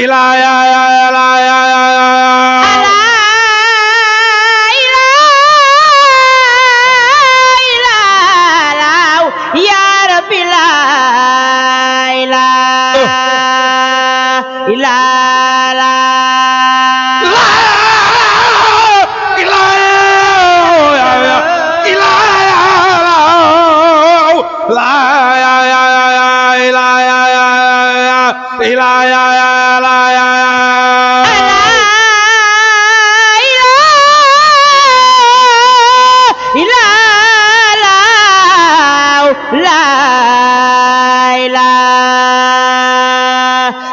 你拉呀！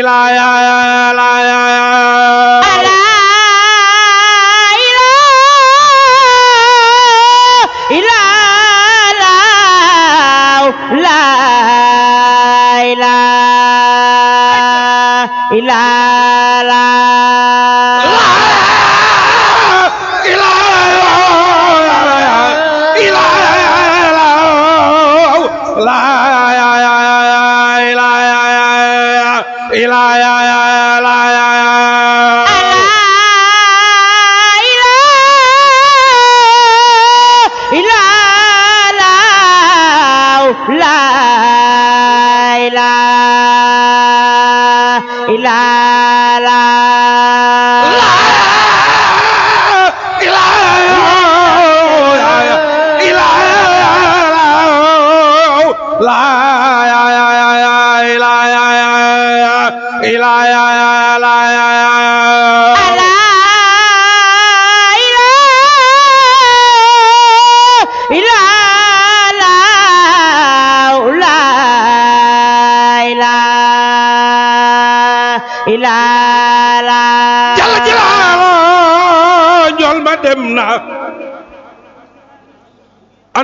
إله إلا أنت la la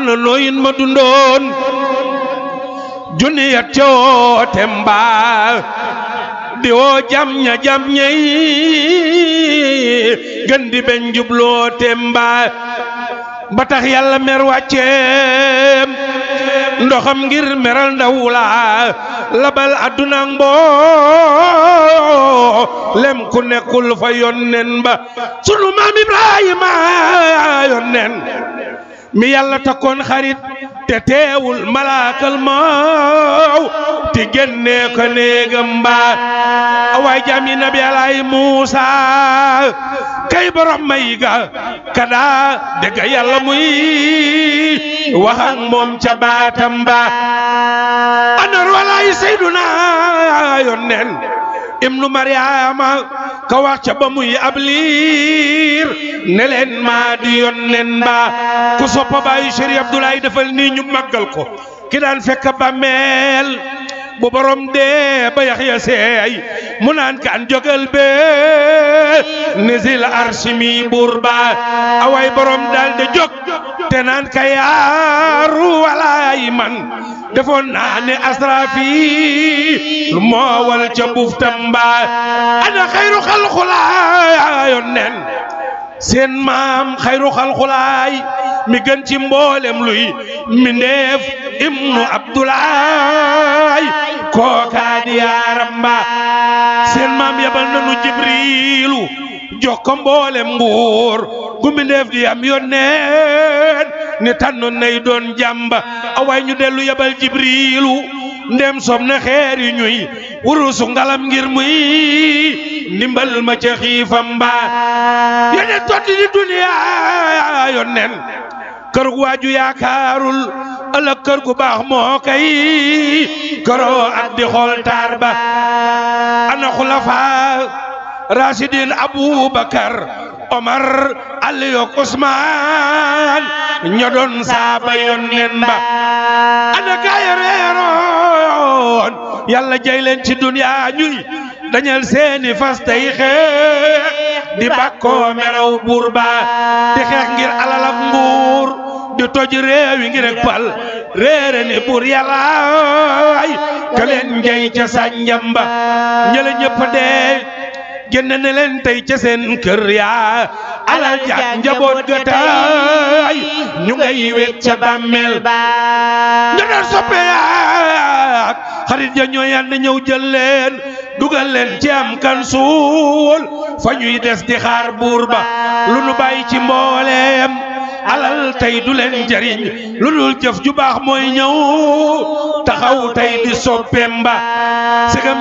na looyin ma dundoon junni yat coote di woo jam ña jam gën di beñ jubloo te yàlla mer wàcceem ndoxam ngir meral ndaw la labal àdduna mboo lem ku nekkul fa yonnen ba sunu maam Ibrahima yonnen mi yàlla takkoon xarit te teewul malaakal maaw ti génnee ko néegam mbaat awaay nabi alaay muusa kay borom may ga kada yàlla muy wax ak moom ca baatam ba anar walaay sayduna yoon nen ibnu ka wax ca ba muy ab liir ne maa di yónneen ba ku soppa baayu Serigne Abdoulaye defal nii ñu màggal ko ki daan fekk bàmmeel bu borom dee ba yax ya seey mu naan kaan jógal bee nisil arsi mi buur ba away borom daal de te naan ka yaaru walaay man defoon naa ne asrafi lu moo wal ca buftam mbaay ana xayru xalxulaay yoon neen seen maam xayru xalxulaay mi gën ci mboolem luy mbindeef ibnu abdulaay kookaa di yaaram ba seen maam yabal nanu jibriilu jox ko mboolem mbuur gu mbindeef di am yónneen ni tànnoon nay doon jàmba awaay ñu dellu yebal jibriilu ndem sob na xeer yu ñuy wurusu ngalam ngir muy ndimbal ma ca xiifam mbaa yeneen totti di duniyaa nen kër waaju yaakaarul ëllëg kër gu baax moo kay këroo ak di xool ba ana xulafa rasidin abubakar omar Ali usman nyodon sapa yon yónneen ada ana gaay reeroon yàlla ci duniya ñuy dañal seeni fas tey di bàkkoo meraw burba di xeex ngir alalam nguur di toj réew ngir ak pal rere ni bur yàlla ay ka leen jay ca génn na leen tey ca seen kër yaa alal ja njaboot ga tey ñu ngay wet ca bàmmeel ba ñu doon soppe yaa xarit ja ñoo yànd ñëw jël leen dugal ci am kan fa ñuy des di xaar ba lu nu bàyyi ci mbooleem rafetal tey du leen jariñ lu dul jëf ju baax mooy ñëw taxaw tey di soppeem ba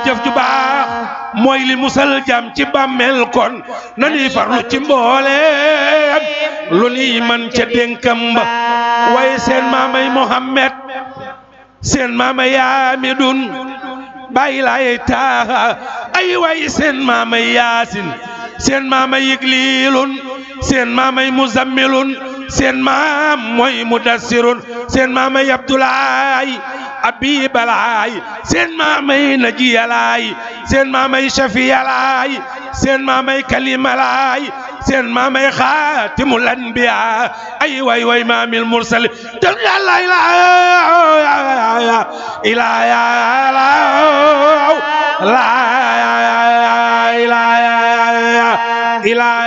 jëf ju baax mooy li musal jam ci bàmmeel ci mbooleem lu nuy man ca dénkam ba waaye seen maamay Mohammed seen maamay Amidun bàyyi laay taaxa ay waaye seen maamay Yaasin seen maamay Igliilun seen maamay Muzammilun seen maam mooy mudassirun seen maamay abdulaay abibalaay seen maamay najiyalaay seen maamay shafiyalaay seen maamay kalimalaay seen maamay xaatimul anbiya ay way way maamil mursalin dam yàlla ilaa ilaa ilaa ilaa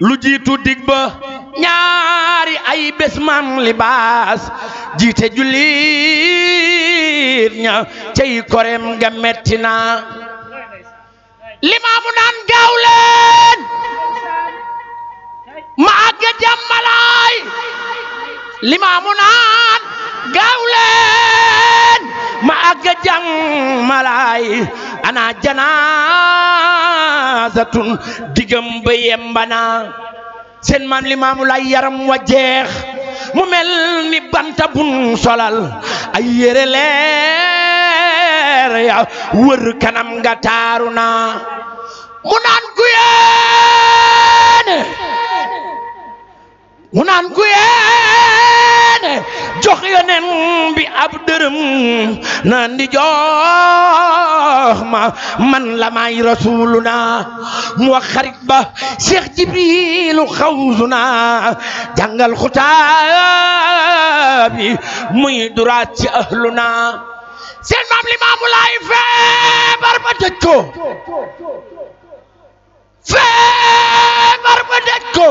lu jiitu dig ba ñaari ay bés maam libaas jiite jullit ña cey korem ga metti na limaamu naan gaaw ma àgga jàmmalaay limaamu naan gaaw ma àgga jàmmalaay ana janaazatun diggam ba yembana seen maam Limaamu Laay yaram wa jeex mu mel ni banta bun solal ay yére leer ya wër kanam nga na mu naan guyeene mu naan guyeene jox yonen bi ab dërëm naan di jox ma man la may rasuluna mu wax xarit ba Cheikh Jibrilu xawsuna jàngal xutaabi muy duraat ci ahluna seen maam li maamu laay feebar ba dëj ko feebar ba dëj ko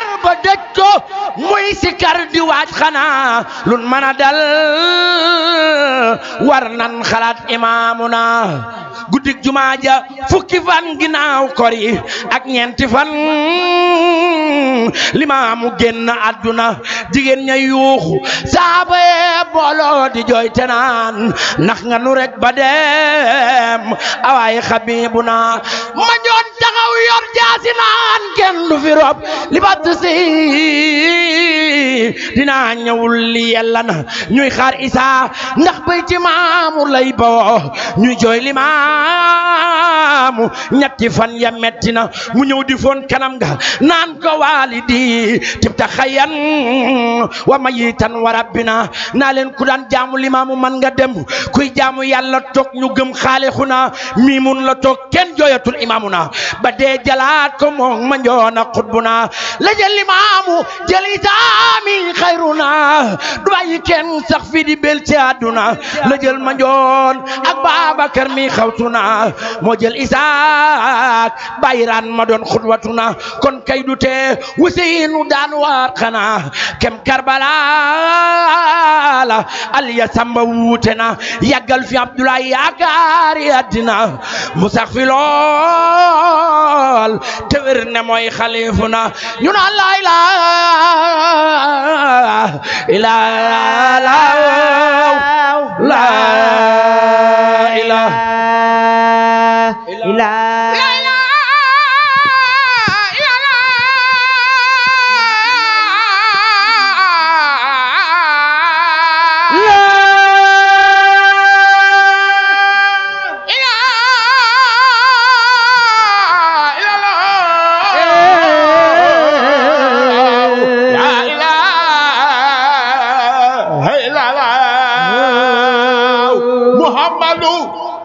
kar ba muy sikar di waaj khana lun mana dal war nan xalaat imaamu na guddik fukki fan ginaaw kor yi ak ñenti fan limaamu genn aduna jigéen ñay yuuxu saaba bolo di joy tanan nax nga nu rek ba dem awaay ma ñoon taxaw yor jaasi kenn du fi rob libat si dinaa ñëwul li yàlla na ñuy xaar isa ndax bay ci maamu lay bawoo ñuy jooy li maamu ñetti fan ya metti na mu ñëw di foon kanam ga naan ko walidi tibta xayan wa mayitan wa rabbina naa leen ku daan jaamu limaamu man nga dem kuy jaamu yàlla toog ñu gëm xaalixuna miimun la toog kenn jooyatul imaamu na ba dee jalaat ko moom ma njoona xutbu na jël limaamu jël itaami xayruna du bàyyi kenn sax fi di bel ci àdduna la jël manjoon ak Babacar mi xawtuna moo jël Isaak bayraan ma doon xutwatuna kon kay du tee Wuseenu daan waar xanaa kem Karbala la Aliya Samba wuute na yàggal fi Abdoulaye yaakaari mu sax fi lool te wér ne mooy xalifu la ilaha illa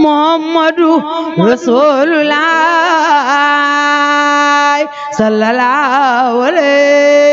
muhammadu rasulullah sallallahu alayhi